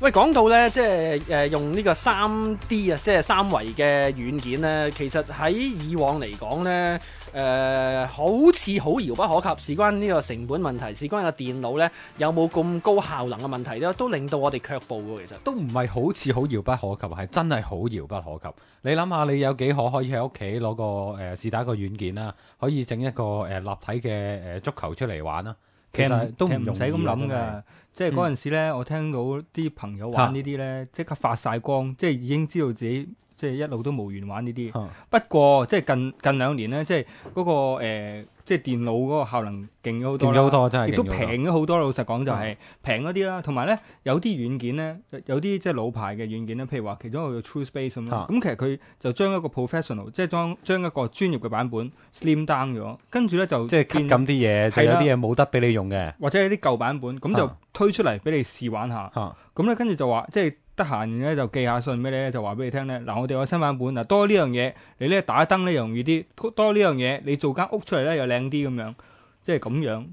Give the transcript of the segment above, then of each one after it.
喂，講到咧，即係誒，用呢個三 D 啊，即係三維嘅軟件咧，其實喺以往嚟講咧，誒、呃，好似好遙不可及，事關呢個成本問題，事關個電腦咧有冇咁高效能嘅問題咧，都令到我哋卻步嘅。其實都唔係好似好遙不可及，係真係好遙不可及。你諗下，你有幾可可以喺屋企攞個誒試、呃、打個軟件啦，可以整一個誒、呃、立體嘅誒足球出嚟玩啦。其實都唔使咁諗嘅，即係嗰陣時咧，我聽到啲朋友玩呢啲咧，即刻、嗯、發晒光，即係已經知道自己。即係一路都無緣玩呢啲。不過即係近近兩年咧，即係嗰個誒，即係電腦嗰個效能勁咗好多啦，亦都平咗好多。老實講就係平嗰啲啦，同埋咧有啲軟件咧，有啲即係老牌嘅軟件咧，譬如話其中一個叫 TrueSpace 咁啦。咁其實佢就將一個 professional，即係將將一個專業嘅版本 slim down 咗，跟住咧就即係咁啲嘢，即係有啲嘢冇得俾你用嘅，或者係啲舊版本，咁就推出嚟俾你試玩下。咁咧跟住就話即係。得閒咧就寄下信俾你咧，就話俾你聽咧。嗱，我哋有新版本嗱多呢樣嘢，你咧打燈咧容易啲，多呢樣嘢你做間屋出嚟咧又靚啲咁樣，即係咁樣。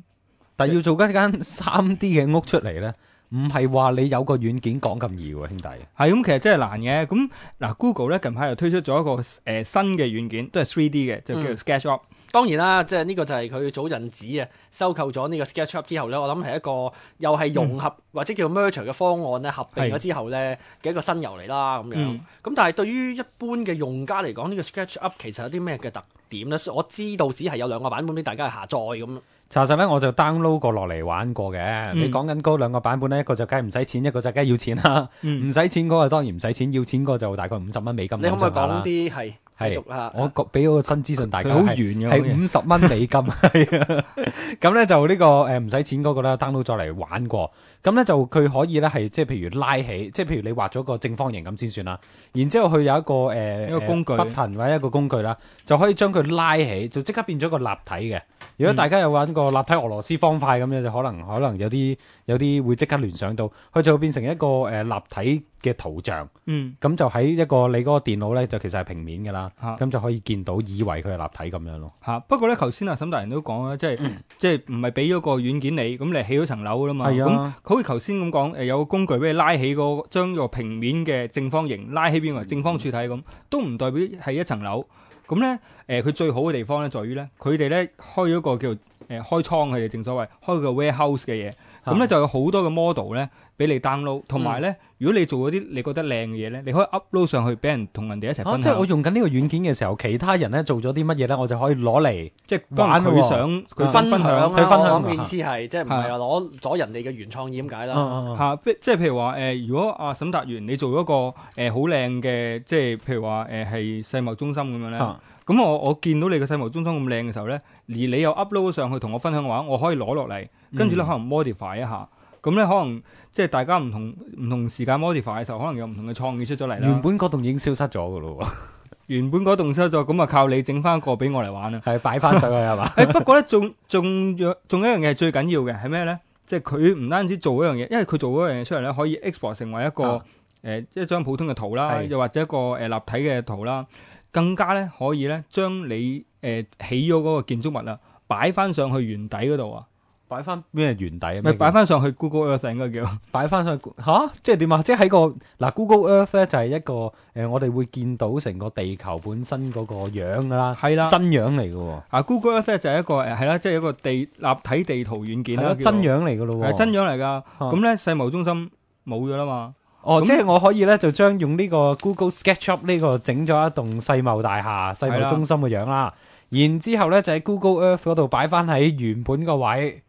但係要做間間三 D 嘅屋出嚟咧，唔係話你有個軟件講咁易喎，兄弟。係咁，其實真係難嘅。咁嗱，Google 咧近排又推出咗一個誒、呃、新嘅軟件，都係 three D 嘅，就叫做 SketchUp。當然啦，即係呢個就係佢早陣子啊收購咗呢個 SketchUp 之後呢，我諗係一個又係融合、嗯、或者叫 merge 嘅方案咧，合併咗之後呢，嘅是一個新遊嚟啦咁樣。咁、嗯、但係對於一般嘅用家嚟講，呢、呢個 SketchUp 其實有啲咩嘅特點呢？我知道只係有兩個版本俾大家去下載咁。查實呢，我就 download 過落嚟玩過嘅。嗯、你講緊嗰兩個版本呢，一個就梗係唔使錢，一個就梗係要錢啦。唔使錢嗰個當然唔使錢，要錢嗰個就大概五十蚊美金咁上下啦。你可唔。係，我俾嗰個新資訊大家，係五十蚊美金，係啊。 咁咧就呢個誒唔使錢嗰個啦 download 再嚟玩過。咁咧就佢可以咧係，即係譬如拉起，即係譬如你畫咗個正方形咁先算啦。然之後佢有一個誒，呃、一個工具 button 或者一個工具啦，就可以將佢拉起，就即刻變咗個立體嘅。如果大家有玩過立體俄羅斯方塊咁樣，就、嗯、可能可能有啲有啲會即刻聯想到，佢就會變成一個誒、呃、立體嘅圖像。嗯，咁就喺一個你嗰個電腦咧，就其實係平面噶啦。嚇、啊，咁就可以見到以為佢係立體咁樣咯。嚇、啊，不過咧，頭先阿沈大人都講啦，即係、嗯、即係唔係俾咗個軟件你，咁你起咗層樓噶啦嘛。係啊，咁好似頭先咁講，誒有個工具俾你拉起，個將個平面嘅正方形拉起變為正方柱體咁，嗯、都唔代表係一層樓。咁咧，誒佢、呃、最好嘅地方咧，在於咧，佢哋咧開咗一個叫誒、呃、開倉，佢哋正所謂開個 warehouse 嘅嘢。咁咧、嗯、就有好多嘅 model 咧俾你 download，同埋咧如果你做嗰啲你覺得靚嘅嘢咧，你可以 upload 上，上去俾人同人哋一齊分享。啊、即係我用緊呢個軟件嘅時候，其他人咧做咗啲乜嘢咧，我就可以攞嚟即係揾佢想佢分享，佢、嗯嗯、分享。我意思係，即係唔係話攞咗人哋嘅原創，嘢點解啦？嚇！即係譬如話，誒，如果阿沈達源你做咗個誒好靚嘅，即係譬如話誒係世貿中心咁樣咧，咁我、嗯、我見到你嘅世貿中心咁靚嘅時候咧，而你又 upload 上，上去同我分享嘅話，我可以攞落嚟。跟住咧，可能 modify 一下咁咧，可能即係大家唔同唔同時間 modify 嘅時候，可能有唔同嘅創意出咗嚟啦。原本嗰棟已經消失咗噶咯， 原本嗰棟消失咗，咁啊靠你整翻個俾我嚟玩啊，係擺翻上去係嘛？誒 不過咧，仲仲仲有一樣嘢係最緊要嘅係咩咧？即係佢唔單止做一樣嘢，因為佢做嗰樣嘢出嚟咧，可以 export 成為一個即、啊呃、一張普通嘅圖啦，又或者一個誒立體嘅圖啦，的更加咧可以咧將你誒起咗嗰個建築物啊擺翻上去原底嗰度啊。擺翻咩原底？咪擺翻上去 Google Earth 應該叫擺翻上去？吓，即係點啊？即係喺個嗱、啊、Google Earth 咧就係一個誒、呃，我哋會見到成個地球本身嗰個樣噶啦，係啦的，真樣嚟噶。啊 Google Earth 就係一個誒係啦，即係、就係、一個地立體地圖軟件啦，真樣嚟噶咯，係真樣嚟噶。咁咧、啊、世貿中心冇咗啦嘛？哦，那即係我可以咧就將用呢個 Google SketchUp 呢、呢個整咗一棟世貿大廈、世貿中心嘅樣啦，的然之後咧就喺 Google Earth 嗰度擺翻喺原本個位。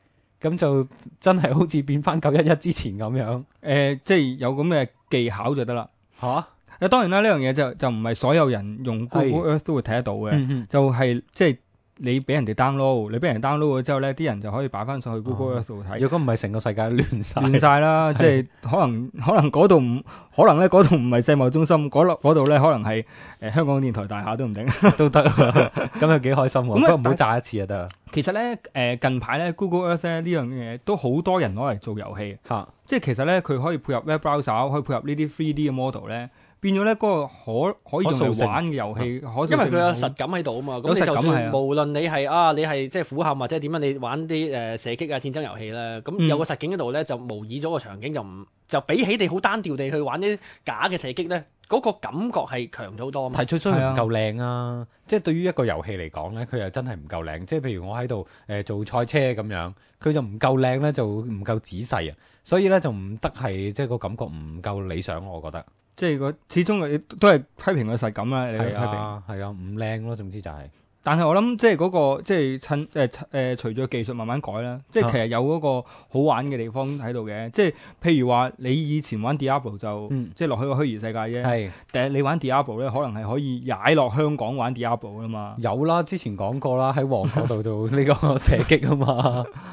咁就真係好似變翻九一一之前咁樣，誒、呃，即係有咁嘅技巧就得啦嚇。誒、啊，當然啦，呢樣嘢就就唔係所有人用 Google Earth 的都會睇得到嘅，嗯嗯就係、是、即係。你俾人哋 download，你俾人 download 咗之後咧，啲人就可以擺翻上去 Google Earth 度睇。如果唔係，成個世界亂晒。亂晒啦，是的 即係可能可能嗰度唔可能咧，嗰度唔係世貿中心，嗰度咧可能係誒、呃、香港電台大廈都唔定都得。咁又幾開心喎， 不過唔好炸一次就得啦。其實咧誒近排咧 Google Earth 咧呢樣嘢都好多人攞嚟做遊戲。嚇！哈 即係其實咧佢可以配合 web browser，可以配合呢啲 3D 嘅 model 咧。變咗咧，嗰個可可以玩嘅遊戲，可可因為佢有實感喺度啊嘛。咁就算的無論你係啊，你係即係俯瞰或者點樣，你玩啲誒、呃、射擊啊、戰爭遊戲咧，咁有個實景喺度咧，就模擬咗個場景，就唔、嗯、就比起你好單調地去玩啲假嘅射擊咧，嗰、那個感覺係強咗好多。題材雖然唔夠靚啊，的即係對於一個遊戲嚟講咧，佢又真係唔夠靚。即係譬如我喺度誒做賽車咁樣，佢就唔夠靚咧，就唔夠仔細啊，所以咧就唔得係即係個感覺唔夠理想，我覺得。即係個始終都係批評個實感啦，啊、你嘅批評係啊，唔靚咯，總之就係、是。但係我諗即係嗰、那個即係趁誒誒，除、呃、咗、呃、技術慢慢改啦，即係其實有嗰個好玩嘅地方喺度嘅。即係譬如話你以前玩 Diablo 就即係落去個虛擬世界啫。係是，但係你玩 Diablo 咧，可能係可以踩落香港玩 Diablo 啊嘛。有啦，之前講過啦，喺旺角度做呢個射擊啊嘛。